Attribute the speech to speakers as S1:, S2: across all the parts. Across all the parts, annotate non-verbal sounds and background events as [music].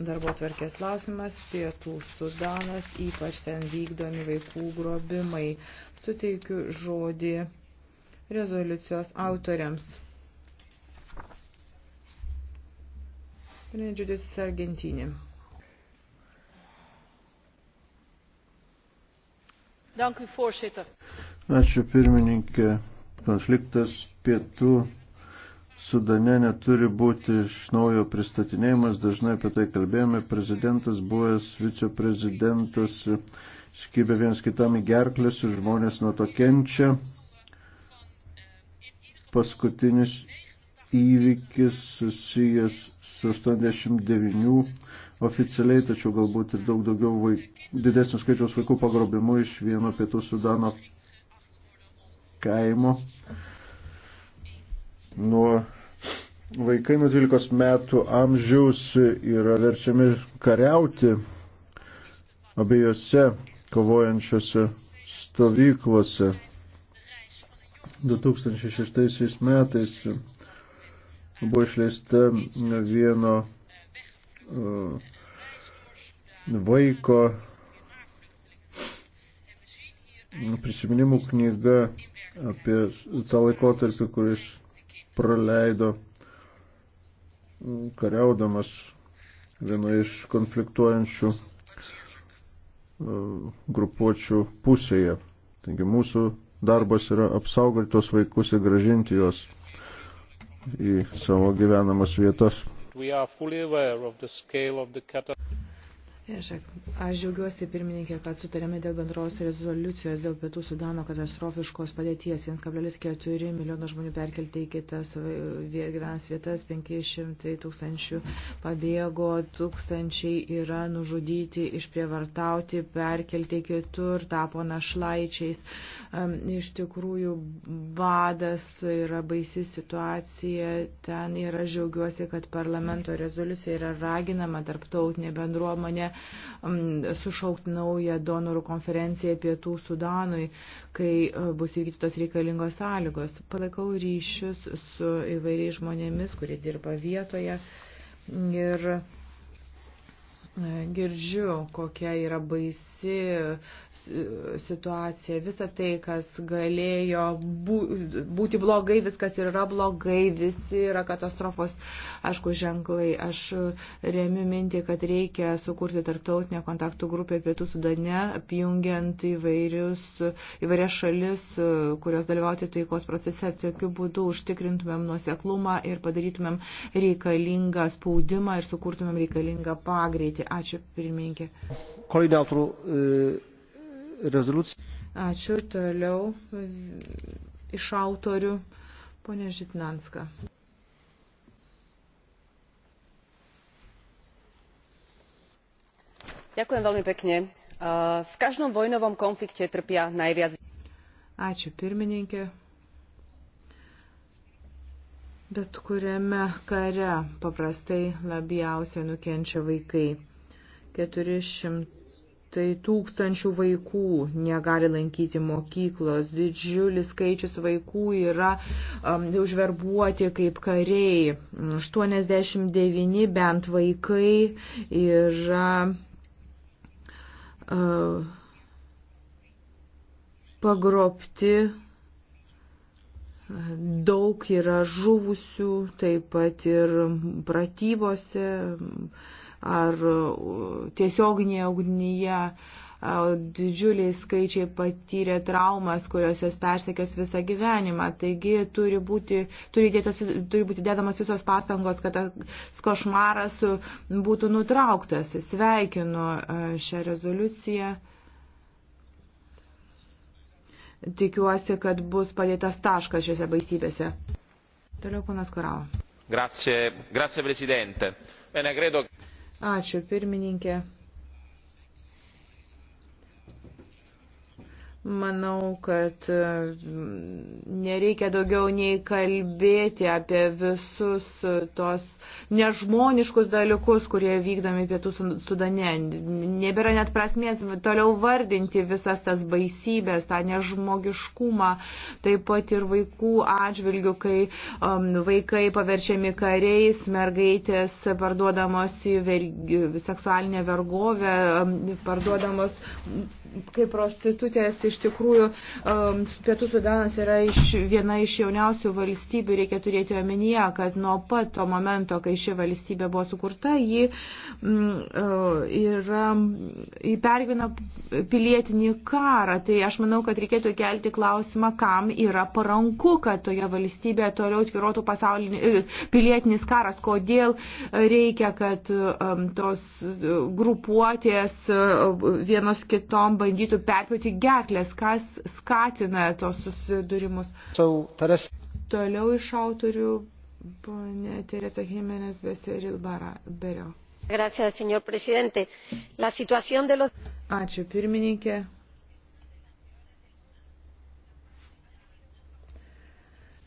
S1: darbo tvarkės klausimas pietų Sudanas, ypač ten vykdomi vaikų grobimai. Suteikiu žodį rezoliucijos autoriams. Judith Sargentinė.
S2: Dank u, voorzitter.
S3: Ačiū pirmininkė. Konfliktas pietų Sudane neturi būti iš naujo pristatinėjimas, dažnai apie tai kalbėjome, prezidentas, buvęs viceprezidentas, skybė vienas kitam į gerklės ir žmonės nuo to kenčia. Paskutinis įvykis susijęs su 89 oficialiai, tačiau galbūt ir daug daugiau vaik, didesnio skaičiaus vaikų pagrobimu iš vieno pietų Sudano kaimo nuo vaikai nuo 12 metų amžiaus yra verčiami kariauti abiejose kovojančiose stovyklose. 2006 metais buvo išleista vieno e, vaiko prisiminimų knyga apie tą laikotarpį, kuris praleido kariaudamas viena iš konfliktuojančių e, grupuočių pusėje. Taigi mūsų darbas yra apsaugoti tos vaikus ir gražinti juos į savo gyvenamas vietas.
S1: Aš džiaugiuosi, pirmininkė, kad sutarėme dėl bendros rezoliucijos dėl pietų Sudano katastrofiškos padėties. 1,4 milijono žmonių perkelti į kitas e, gyvens vietas, 500 tūkstančių pabėgo, tūkstančiai yra nužudyti, išprievartauti, perkelti kitur, tapo našlaičiais. Iš tikrųjų, badas yra baisi situacija. Ten ir aš džiaugiuosi, kad parlamento rezoliucija yra raginama tarptautinė bendruomenė sušaukti naują donorų konferenciją pietų Sudanui, kai e, bus įvykdytos reikalingos sąlygos. Palaikau ryšius su įvairiais žmonėmis, kurie dirba vietoje ir e, girdžiu, kokia yra baisi baisi situacija, visa tai, kas galėjo būti blogai, viskas ir yra blogai, visi yra katastrofos, aišku, ženklai. Aš remiu mintį, kad reikia sukurti tarptautinę kontaktų grupę pietų sudane, apjungiant įvairius, įvairias šalis, kurios dalyvauti taikos procese, tokiu būdu užtikrintumėm nuoseklumą ir padarytumėm reikalingą spaudimą ir sukurtumėm reikalingą pagreitį. Ačiū, pirmininkė.
S2: Koordinatorių rezoliuciją.
S1: Ačiū toliau iš autorių, ponė Žitnanska.
S2: Ďakujem veľmi pekne. V každom vojnovom konflikte trpia najviac.
S1: Ačiū pirmininkė. Bet kuriame kare paprastai labiausiai nukenčia vaikai. 400 Tai tūkstančių vaikų negali lankyti mokyklos, didžiulis skaičius vaikų yra um, užverbuoti kaip kariai, 89 bent vaikai yra. Uh, pagrobti daug yra žuvusių, taip pat ir pratybose, ar e, tiesioginėje ugnyje. E, didžiuliai skaičiai patyrė traumas, kurios jos persekios visą gyvenimą. Taigi turi būti, turi, dėtos, turi būti dėdamas visos pastangos, kad tas košmaras būtų nutrauktas. Sveikinu e, šią rezoliuciją tikiuosi, kad bus padėtas taškas šiuose baisybėse. Toliau panas Korau.
S3: Grazie, grazie Presidente. Bene, credo...
S1: Ačiū, pirmininkė. Manau, kad mm, nereikia daugiau nei kalbėti apie visus e, tos nežmoniškus dalykus, kurie vykdomi pietų sudane. Nebėra net prasmės toliau vardinti visas tas baisybės, tą nežmogiškumą, taip pat ir vaikų atžvilgių, kai um, vaikai paverčiami kariais, mergaitės parduodamos į vergi, seksualinę vergovę, um, parduodamos kaip prostitutės iš tikrųjų um, Pietų Sudanas yra iš, viena iš jauniausių valstybių, reikia turėti omenyje, kad nuo pat to momento, kai ši valstybė buvo sukurta, ji mm, uh, yra įpergina pilietinį karą. Tai aš manau, kad reikėtų kelti klausimą, kam yra paranku, kad toje valstybėje toliau tvirotų uh, pilietinis karas, kodėl reikia, kad um, tos grupuotės uh, vienos kitom bandytų perpjauti gerklę taisyklės, kas skatina tos susidūrimus.
S3: Toliau
S1: iš autorių ponė Teresa Jimenez Beseril Berio.
S3: Gracias, señor presidente. La situación de los.
S1: Ačiū, pirmininkė.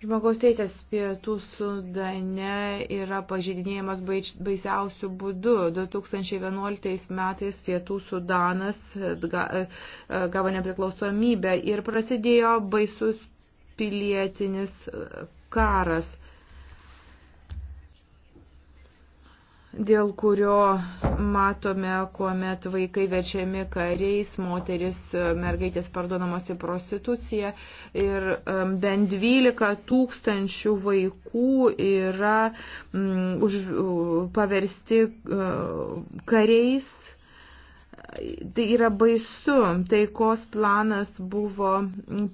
S3: Žmogaus teisės
S1: pietų sudane yra pažydinėjimas baisiausių būdų. 2011 metais pietų sudanas e, e, e, gavo nepriklausomybę ir prasidėjo baisus pilietinis karas. dėl kurio matome, kuomet vaikai večiami kariais, moteris, mergaitės parduodamos į prostituciją ir bent 12 tūkstančių vaikų yra mm, už, paversti uh, kariais Tai yra baisu, taikos planas buvo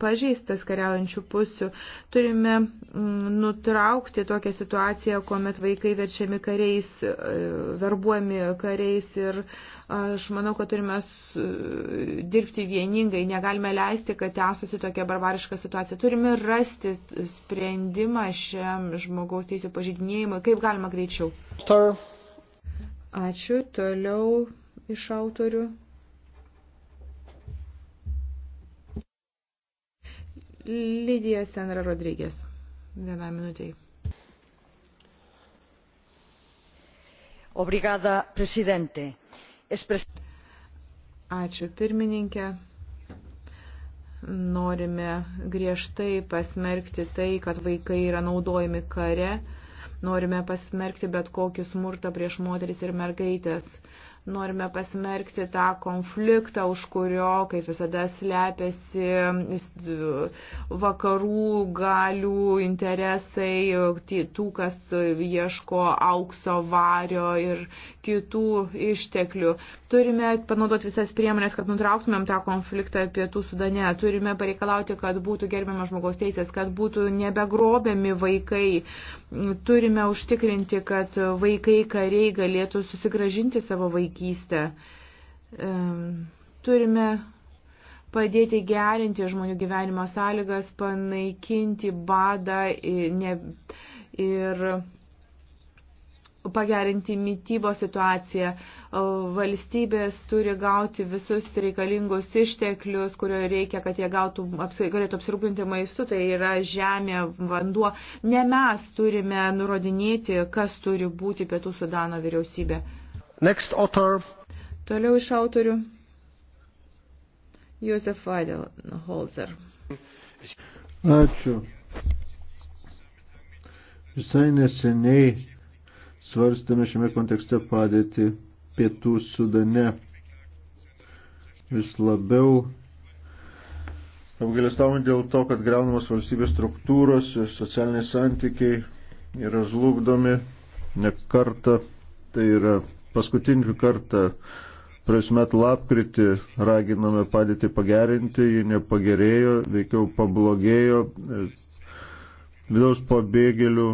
S1: pažeistas kariaujančių pusių. Turime mm, nutraukti tokią situaciją, kuomet vaikai verčiami kariais, e, verbuojami kariais ir e, aš manau, kad turime dirbti vieningai, negalime leisti, kad tęstųsi tokia barbariška situacija. Turime rasti sprendimą šiam žmogaus teisų pažydinėjimui, kaip galima greičiau. Ačiū, toliau iš autorių. Lydija Senra Rodrygės. Vieną minutį. Obrigada, prezidente. Espres... Ačiū, pirmininkė norime griežtai pasmerkti tai, kad vaikai yra naudojami kare, norime pasmerkti bet kokį smurtą prieš moteris ir mergaitės. Norime pasmerkti tą konfliktą, už kurio, kaip visada, slepiasi vakarų galių interesai, tų, kas ieško aukso vario ir kitų išteklių. Turime panaudoti visas priemonės, kad nutrauktumėm tą konfliktą pietų sudane. Turime pareikalauti, kad būtų gerbiamas žmogaus teisės, kad būtų nebegrobiami vaikai. Turime užtikrinti, kad vaikai kariai galėtų susigražinti savo vaikystę. Turime padėti gerinti žmonių gyvenimo sąlygas, panaikinti badą. Ne, ir pagerinti mytybos situaciją. Valstybės turi gauti visus reikalingus išteklius, kurio reikia, kad jie gautų, galėtų apsirūpinti maistu, tai yra žemė, vanduo. Ne mes turime nurodinėti, kas turi būti Pietų Sudano vyriausybė.
S2: Next author.
S1: Toliau iš autorių. Josef Weidelholzer.
S3: Ačiū. Visai neseniai svarstame šiame kontekste padėti pietų sudane. Vis labiau apgailestavome dėl to, kad greunamos valstybės struktūros, socialiniai santykiai yra žlugdomi ne kartą, tai yra paskutinį kartą praėjus metų lapkritį raginome padėti pagerinti, ji nepagerėjo, veikiau pablogėjo, vidaus pabėgėlių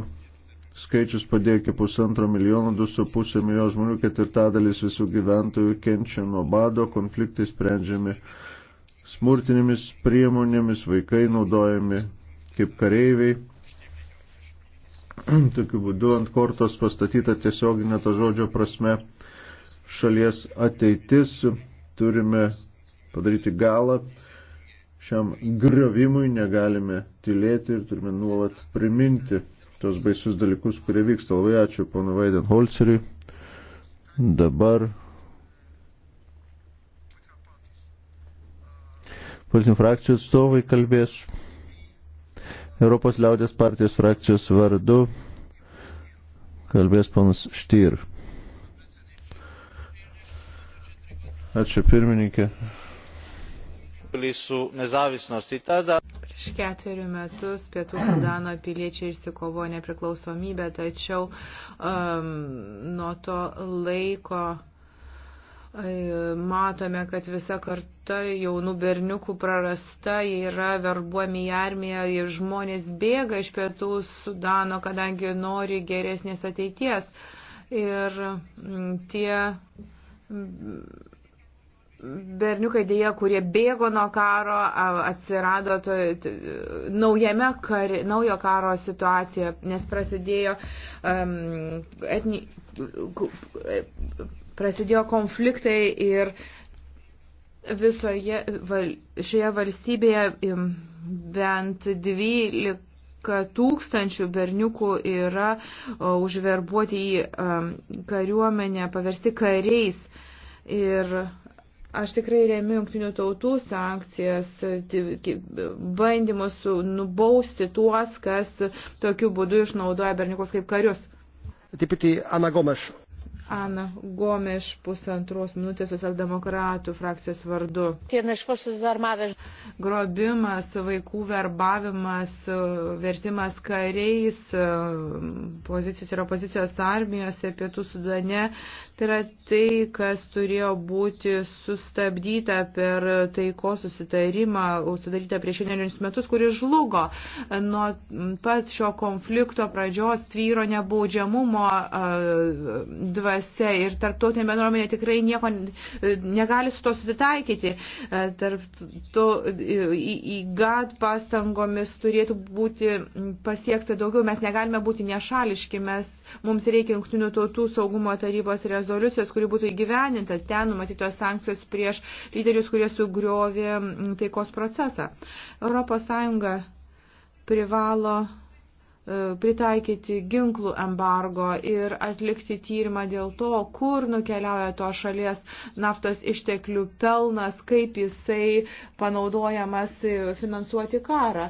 S3: skaičius padėjo iki pusantro milijono, du su pusė milijono žmonių, ketvirtadalis visų gyventojų kenčia nuo bado, konfliktai sprendžiami smurtinėmis priemonėmis, vaikai naudojami kaip kareiviai. [clears throat] Tokiu būdu ant kortos pastatyta tiesioginė to žodžio prasme šalies ateitis. Turime padaryti galą šiam griovimui, negalime tylėti ir turime nuolat priminti tos baisius dalykus, kurie vyksta. Labai ačiū pono Vaidenholceriui. Dabar politinių frakcijų atstovai kalbės Europos liaudės partijos frakcijos vardu. Kalbės ponas Štyr. Ačiū pirmininkė nastupili su nezavisnosti. Tada...
S1: Prieš ketverių metus Pietų Sudano piliečiai išsikovojo nepriklausomybę, tačiau um, nuo to laiko e, Matome, kad visa karta jaunų berniukų prarasta, jie yra verbuomi į armiją ir žmonės bėga iš pietų Sudano, kadangi nori geresnės ateities. Ir tie berniukai dėja, kurie bėgo nuo karo, atsirado to, to, naujame kar, naujo karo situacijoje, nes prasidėjo, um, etni, prasidėjo konfliktai ir visoje val, šioje valstybėje bent 12 tūkstančių berniukų yra užverbuoti į um, kariuomenę, paversti kariais. Ir Aš tikrai remiu jungtinių tautų sankcijas, bandymus nubausti tuos, kas tokiu būdu išnaudoja berniukus kaip karius.
S2: Deputy tai Ana Gomes.
S1: Ana Gomes pusantros minutės socialdemokratų frakcijos vardu. Grobimas, vaikų verbavimas, vertimas kariais, pozicijos ir opozicijos armijose pietų sudane, tai yra tai, kas turėjo būti sustabdyta per taiko susitarimą, sudarytą prieš vienerius metus, kuris žlugo. Nuo pat šio konflikto pradžios tvyro nebaudžiamumo dvasia dėrybose ir tarptautinė bendruomenė tikrai nieko e, negali su to susitaikyti. E, Tarp to e, įgat pastangomis turėtų būti pasiekta daugiau. Mes negalime būti nešališki, mes, mums reikia jungtinių tautų saugumo tarybos rezoliucijos, kuri būtų įgyveninta. Ten numatytos sankcijos prieš lyderius, kurie sugriovė taikos procesą. Europos Sąjunga privalo E, pritaikyti ginklų embargo ir atlikti tyrimą dėl to, kur nukeliauja to šalies naftos išteklių pelnas, kaip jisai panaudojamas e, finansuoti karą.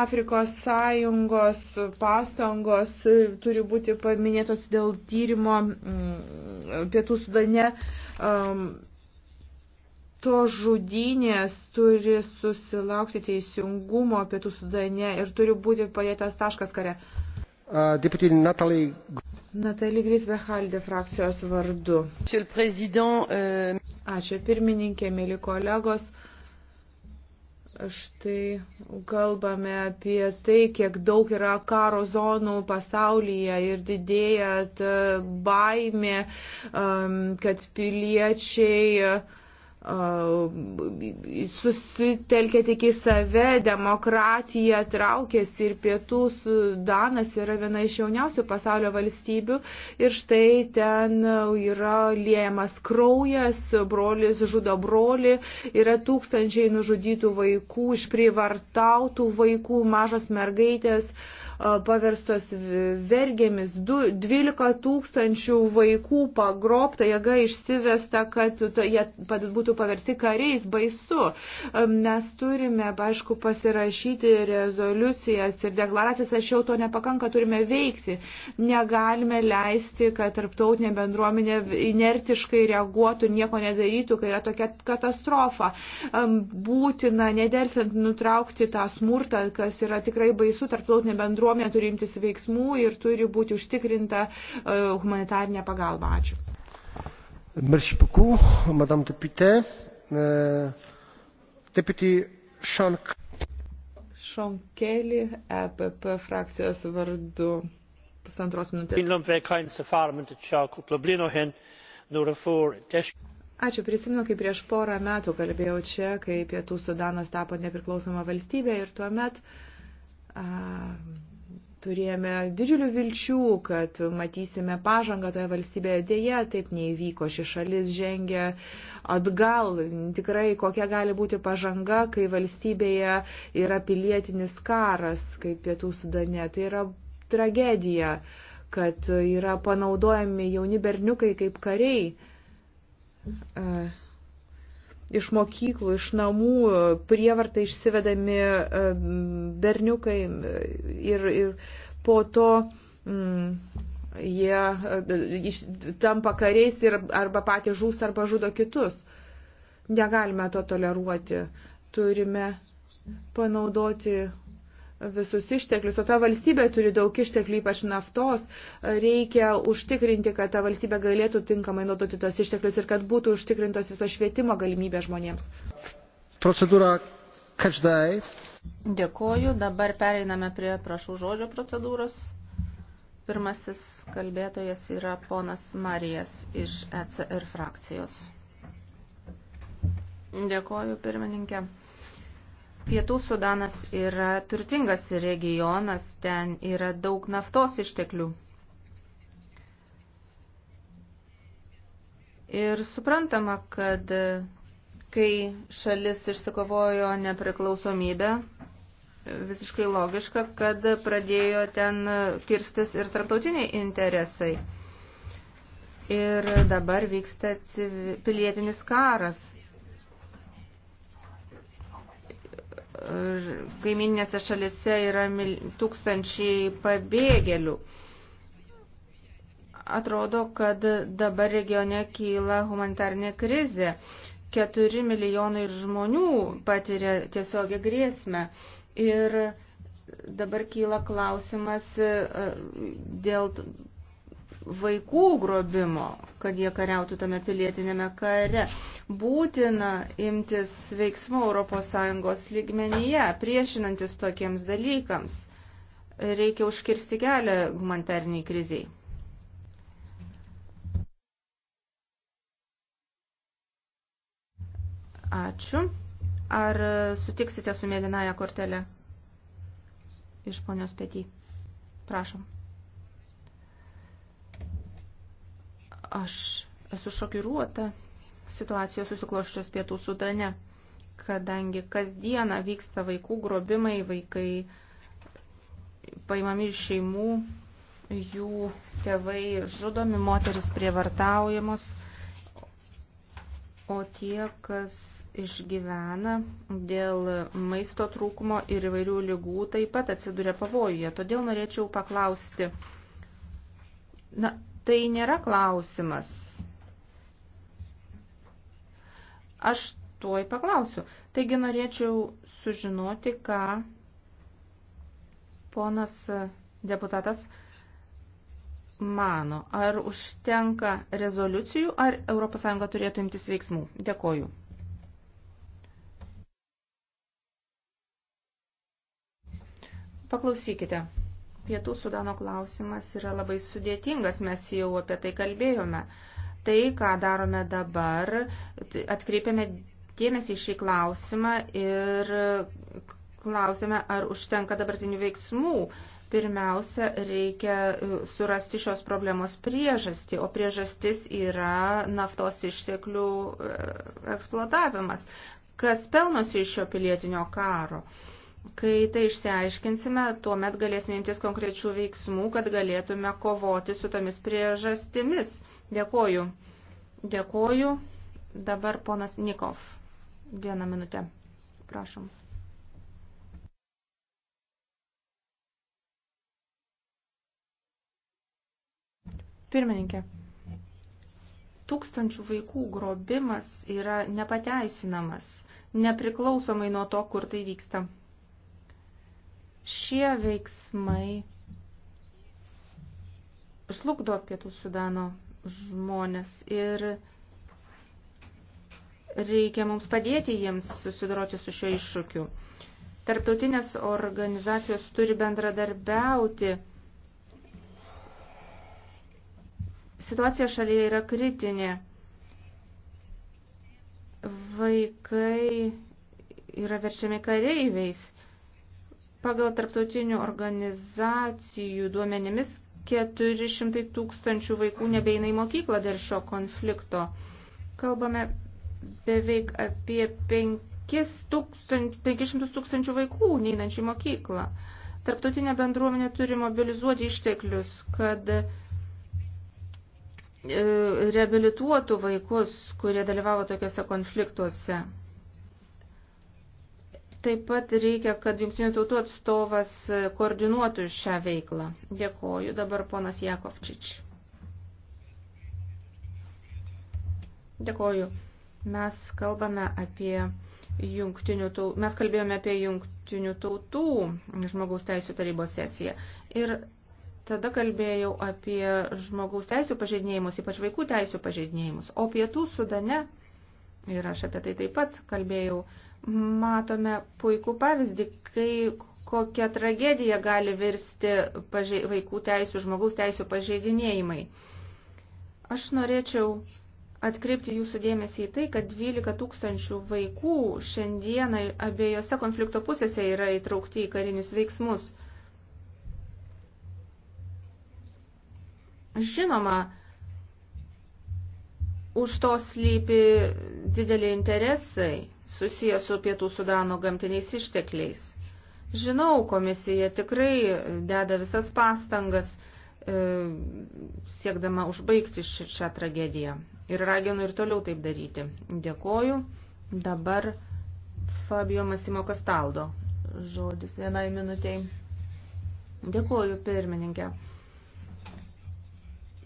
S1: Afrikos sąjungos pastangos e, turi būti paminėtos dėl tyrimo pietų sudane. Um, to žudynės turi susilaukti teisingumo pietų sudane ir turi būti padėtas taškas kare.
S2: Uh, Deputy Natalie.
S1: Natalie Grisbehalde frakcijos vardu. Uh... Ačiū pirmininkė, mėly kolegos. Štai kalbame apie tai, kiek daug yra karo zonų pasaulyje ir didėja baimė, um, kad piliečiai uh, susitelkia tik į save, demokratija traukėsi ir pietų Sudanas yra viena iš jauniausių pasaulio valstybių ir štai ten yra liejamas kraujas, brolis žudo brolį, yra tūkstančiai nužudytų vaikų, išprivartautų vaikų, mažos mergaitės. Uh, paverstos vergėmis, 12 tūkstančių vaikų pagrobta, jėga išsivesta, kad jie būtų paversti kariais, baisu. Mes turime, aišku, pasirašyti rezoliucijas ir deklaracijas, aš jau to nepakanka, turime veikti. Negalime leisti, kad tarptautinė bendruomenė inertiškai reaguotų, nieko nedarytų, kai yra tokia katastrofa. Būtina, nedersant, nutraukti tą smurtą, kas yra tikrai baisu tarptautinė bendruomenė bendruomenė turi imtis veiksmų ir turi būti užtikrinta e, humanitarinė pagalba. Ačiū.
S2: Merci beaucoup, Madame Deputė. E, Deputy Sean
S1: Kelly, EPP frakcijos vardu pusantros minutės. Ačiū, prisimenu, kaip prieš porą metų kalbėjau čia, kai Pietų Sudanas tapo nepriklausoma valstybė ir tuomet a, Turėjome didžiulių vilčių, kad matysime pažangą toje valstybėje. Dėja, taip neįvyko. Ši šalis žengia atgal. Tikrai, kokia gali būti pažanga, kai valstybėje yra pilietinis karas, kaip pietų sudane. Tai yra tragedija, kad yra panaudojami jauni berniukai kaip kariai. Uh iš mokyklų, iš namų prievartai išsivedami e, berniukai ir, ir po to mm, jie e, iš, tampa kariais ir arba patys žūs arba žudo kitus. Negalime to toleruoti. Turime panaudoti visus išteklius, o ta valstybė turi daug išteklių, ypač naftos, reikia užtikrinti, kad ta valstybė galėtų tinkamai naudoti tos
S4: išteklius ir kad būtų užtikrintos viso švietimo galimybė žmonėms.
S2: Procedūra každai.
S4: Dėkoju, dabar pereiname prie prašau žodžio procedūros. Pirmasis kalbėtojas yra ponas Marijas iš ECR frakcijos. Dėkoju, pirmininkė. Pietų Sudanas yra turtingas regionas, ten yra daug naftos išteklių. Ir suprantama, kad kai šalis išsikovojo nepriklausomybę, visiškai logiška, kad pradėjo ten kirstis ir tarptautiniai interesai. Ir dabar vyksta pilietinis karas kaiminėse šalise yra mil, tūkstančiai pabėgėlių. Atrodo, kad dabar regione kyla humanitarnė krizė. 4 milijonai žmonių patiria tiesiogią grėsmę. Ir dabar kyla klausimas e, dėl vaikų grobimo, kad jie kariautų tame pilietinėme kare būtina imtis veiksmų ES lygmenyje, priešinantis tokiems dalykams. Reikia užkirsti kelią humanitariniai kriziai. Ačiū. Ar sutiksite su mėlynaja kortelė iš ponios petį? Prašom. Aš esu šokiruota situacijos susikloščios pietų sudane, kadangi kasdieną vyksta vaikų grobimai, vaikai paimami iš šeimų, jų tėvai žudomi, moteris prievartaujamos, o tie, kas išgyvena dėl maisto trūkumo ir įvairių lygų, taip pat atsiduria pavojuje. Todėl norėčiau paklausti. Na, tai nėra klausimas Aš tuoj paklausiu. Taigi norėčiau sužinoti, ką ponas deputatas mano. Ar užtenka rezoliucijų, ar ES turėtų imtis veiksmų? Dėkoju. Paklausykite. Pietų Sudano klausimas yra labai sudėtingas, mes jau apie tai kalbėjome. Uh, Tai, ką darome dabar, tai atkreipiame dėmesį į šį klausimą ir klausime, ar užtenka dabartinių veiksmų. Pirmiausia, reikia e, surasti šios problemos priežastį, o priežastis yra naftos išteklių e, eksploatavimas. Kas pelnosi iš šio pilietinio karo? Kai tai išsiaiškinsime, tuomet galėsime imtis konkrečių veiksmų, kad galėtume kovoti su tomis priežastimis. Dėkoju. Dėkoju. Dabar ponas Nikov. Vieną minutę. Prašom. Pirmininkė. Tūkstančių vaikų grobimas yra nepateisinamas, nepriklausomai nuo to, kur tai vyksta. Šie veiksmai žlugdo pietų sudano žmonės ir reikia mums padėti jiems susidoroti su šio iššūkiu. Tarptautinės organizacijos turi bendradarbiauti. Situacija šalyje yra kritinė. Vaikai yra verčiami kareiviais Pagal tarptautinių organizacijų duomenimis 400 tūkstančių vaikų nebeina į mokyklą dėl šio konflikto. Kalbame beveik apie 500 tūkstančių vaikų neinančių į mokyklą. Tarptautinė bendruomenė turi mobilizuoti išteklius, kad e, reabilituotų vaikus, kurie dalyvavo tokiuose konfliktuose. Taip pat reikia, kad jungtinių tautų atstovas koordinuotų šią veiklą. Dėkoju. Dabar ponas Jakovčič. Dėkoju. Mes kalbame apie jungtinių tautų, mes kalbėjome apie jungtinių tautų žmogaus teisų tarybos sesiją. Ir tada kalbėjau apie žmogaus teisų pažeidinėjimus, ypač vaikų teisų pažeidinėjimus. O pietų sudane, ir aš apie tai taip pat kalbėjau, matome puikų pavyzdį, kai kokia tragedija gali virsti pažei, vaikų teisų, žmogaus teisų pažeidinėjimai. Aš norėčiau atkreipti jūsų dėmesį į tai, kad 12 tūkstančių vaikų šiandieną abiejose konflikto pusėse yra įtraukti į karinius veiksmus. Žinoma, už to slypi dideliai interesai susiję su pietų Sudano gamtiniais ištekliais. Žinau, komisija tikrai deda visas pastangas e, siekdama užbaigti šią tragediją. Ir raginu ir toliau taip daryti. Dėkoju. Dabar Fabio Masimo Kastaldo. Žodis vienai minutėjai. Dėkoju, pirmininkė.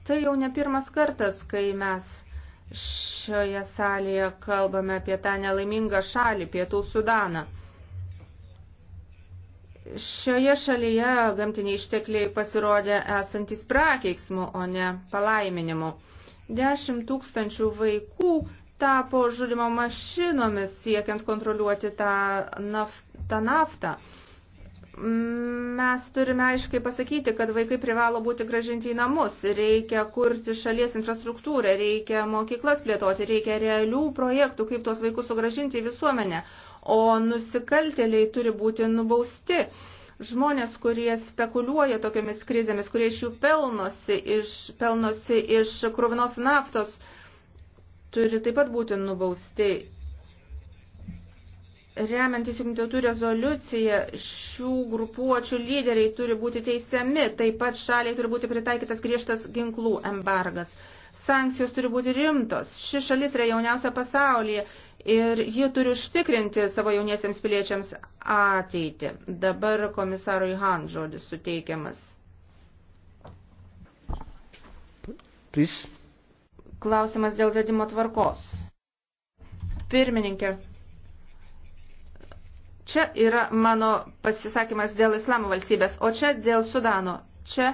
S4: Tai jau ne pirmas kartas, kai mes Šioje salėje kalbame apie tą nelaimingą šalį, Pietų Sudaną. Šioje šalyje gamtiniai ištekliai pasirodė esantis prakeiksmu, o ne palaiminimu. Dešimt tūkstančių vaikų tapo žudimo mašinomis siekiant kontroliuoti tą, naf tą naftą mes turime aiškiai pasakyti, kad vaikai privalo būti gražinti į namus, reikia kurti šalies infrastruktūrą, reikia mokyklas plėtoti, reikia realių projektų, kaip tuos vaikus sugražinti į visuomenę, o nusikaltėliai turi būti nubausti. Žmonės, kurie spekuliuoja tokiamis krizėmis, kurie iš jų pelnosi iš, pelnosi iš kruvinos naftos, turi taip pat būti nubausti remiantis jungtinių rezoliucija, šių grupuočių lyderiai turi būti teisiami, taip pat šaliai turi būti pritaikytas griežtas ginklų embargas. Sankcijos turi būti rimtos. Ši šalis yra jauniausia pasaulyje ir ji turi užtikrinti savo jauniesiems piliečiams ateitį. Dabar komisarui Han žodis suteikiamas. Please. Klausimas dėl vedimo tvarkos. Pirmininkė. Čia yra mano pasisakymas dėl islamo valstybės, o čia dėl Sudano, čia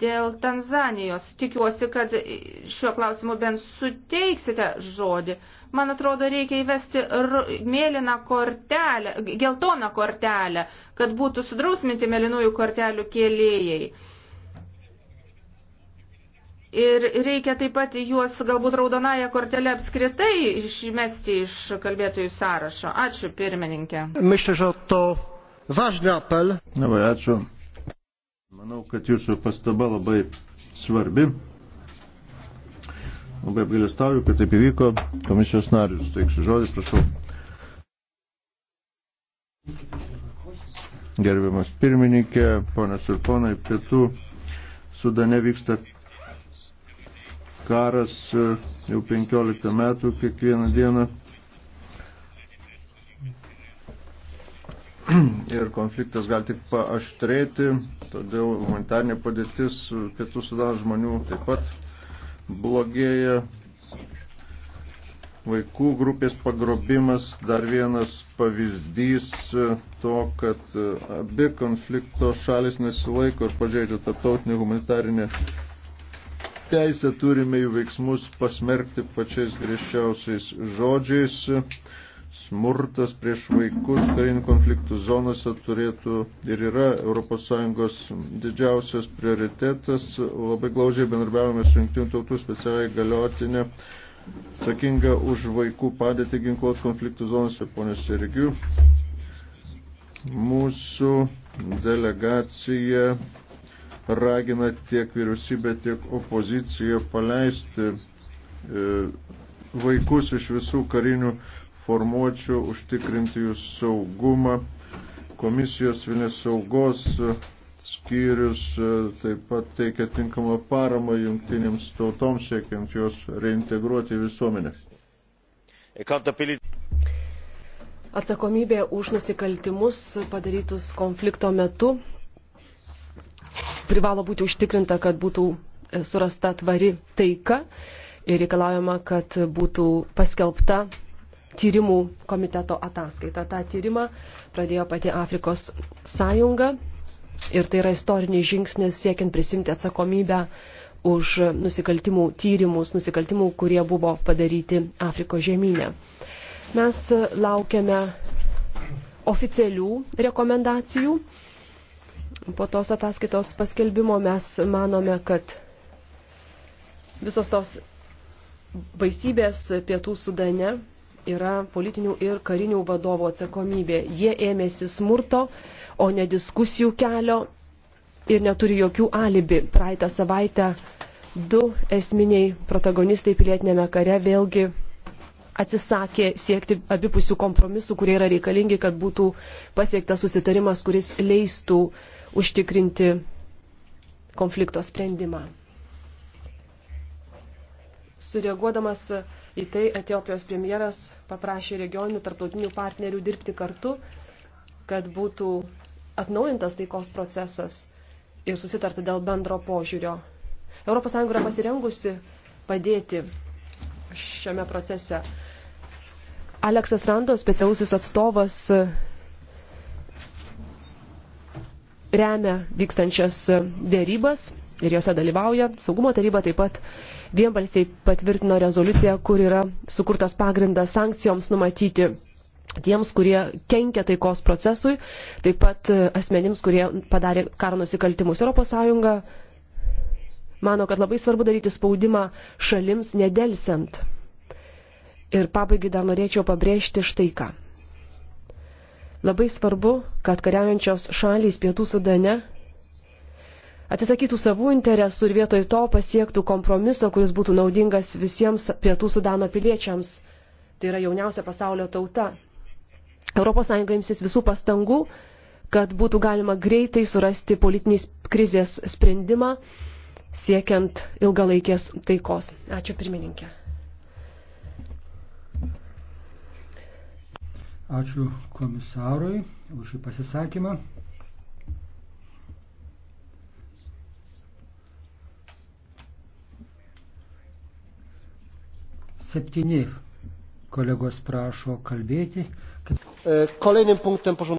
S4: dėl Tanzanijos. Tikiuosi, kad šiuo klausimu bent suteiksite žodį. Man atrodo, reikia įvesti mėlyną kortelę, geltoną kortelę, kad būtų sudrausminti mėlynųjų kortelių kėlėjai. Ir reikia taip pat juos galbūt raudonąją kortelę apskritai išmesti iš kalbėtojų sąrašo. Ačiū, pirmininkė. Myślę,
S3: że to ważny apel. Labai ačiū. Manau, kad jūsų pastaba labai svarbi. Labai apgailestauju, kad taip įvyko. Komisijos narius, teiksiu žodį, prašau. Gerbiamas pirmininkė, ponas ir ponai, pietų Sudane vyksta karas e, jau 15 metų kiekvieną dieną. [clears throat] Ir konfliktas gali tik paaštrėti, todėl humanitarnė padėtis pietų sudano žmonių taip pat blogėja. Vaikų grupės pagrobimas dar vienas pavyzdys e, to, kad e, abi konflikto šalis nesilaiko ir pažeidžia tarptautinę humanitarinę teisę, turime jų veiksmus pasmerkti pačiais griežčiausiais žodžiais. Smurtas prieš vaikus karinių konfliktų zonose turėtų ir yra ES didžiausias prioritetas. Labai glaužiai bendarbiavame su Junktinių tautų specialiai galiotinė atsakinga už vaikų padėtį ginklos konfliktų zonose, ponės Sergiu. Mūsų delegacija ragina tiek vyriausybė, tiek opozicija paleisti e, vaikus iš visų karinių formuočių, užtikrinti jų saugumą. Komisijos Vilnės saugos skyrius e, taip pat teikia tinkamą paramą jungtinėms tautoms, siekiant juos reintegruoti į visuomenę.
S2: Atsakomybė už nusikaltimus padarytus konflikto metu privalo būti užtikrinta, kad būtų e, surasta tvari taika ir reikalaujama, kad būtų paskelbta tyrimų komiteto ataskaita. Ta tyrimą pradėjo pati Afrikos sąjunga ir tai yra istorinis žingsnis siekiant prisimti atsakomybę už nusikaltimų tyrimus, nusikaltimų, kurie buvo padaryti Afrikos žemynė. Mes laukiame oficialių rekomendacijų Po tos ataskaitos paskelbimo mes manome, kad visos tos baisybės pietų sudane yra politinių ir karinių vadovų atsakomybė. Jie ėmėsi smurto, o ne diskusijų kelio ir neturi jokių alibi. Praeitą savaitę du esminiai protagonistai pilietinėme kare vėlgi atsisakė siekti abipusių kompromisų, kurie yra reikalingi, kad būtų pasiektas susitarimas, kuris leistų uh, užtikrinti konflikto sprendimą. Sureaguodamas į tai, Etiopijos premjeras paprašė regioninių tarptautinių partnerių dirbti kartu, kad būtų atnaujintas taikos procesas ir susitarta dėl bendro požiūrio. ES yra pasirengusi padėti šiame procese. Aleksas Randos, specialusis atstovas remia vykstančias dėrybas ir jose dalyvauja. Saugumo taryba taip pat vienbalsiai patvirtino rezoliuciją, kur yra sukurtas pagrindas sankcijoms numatyti tiems, kurie kenkia taikos procesui, taip pat asmenims, kurie padarė karo nusikaltimus. Europos Sąjunga mano, kad labai svarbu daryti spaudimą šalims nedelsiant. Ir pabaigai dar norėčiau pabrėžti štai ką. Labai svarbu, kad kariaujančios šalys pietų sudane atsisakytų savų interesų ir vietoj to pasiektų kompromiso, kuris būtų naudingas visiems pietų sudano piliečiams. Tai yra jauniausia pasaulio tauta. ES imsis visų pastangų, kad būtų galima greitai surasti politinės krizės sprendimą siekiant ilgalaikės taikos. Ačiū pirmininkė. Ačiū komisarui už šį pasisakymą. Septyni kolegos prašo kalbėti. Kad... E, kolejnym punktem porządku.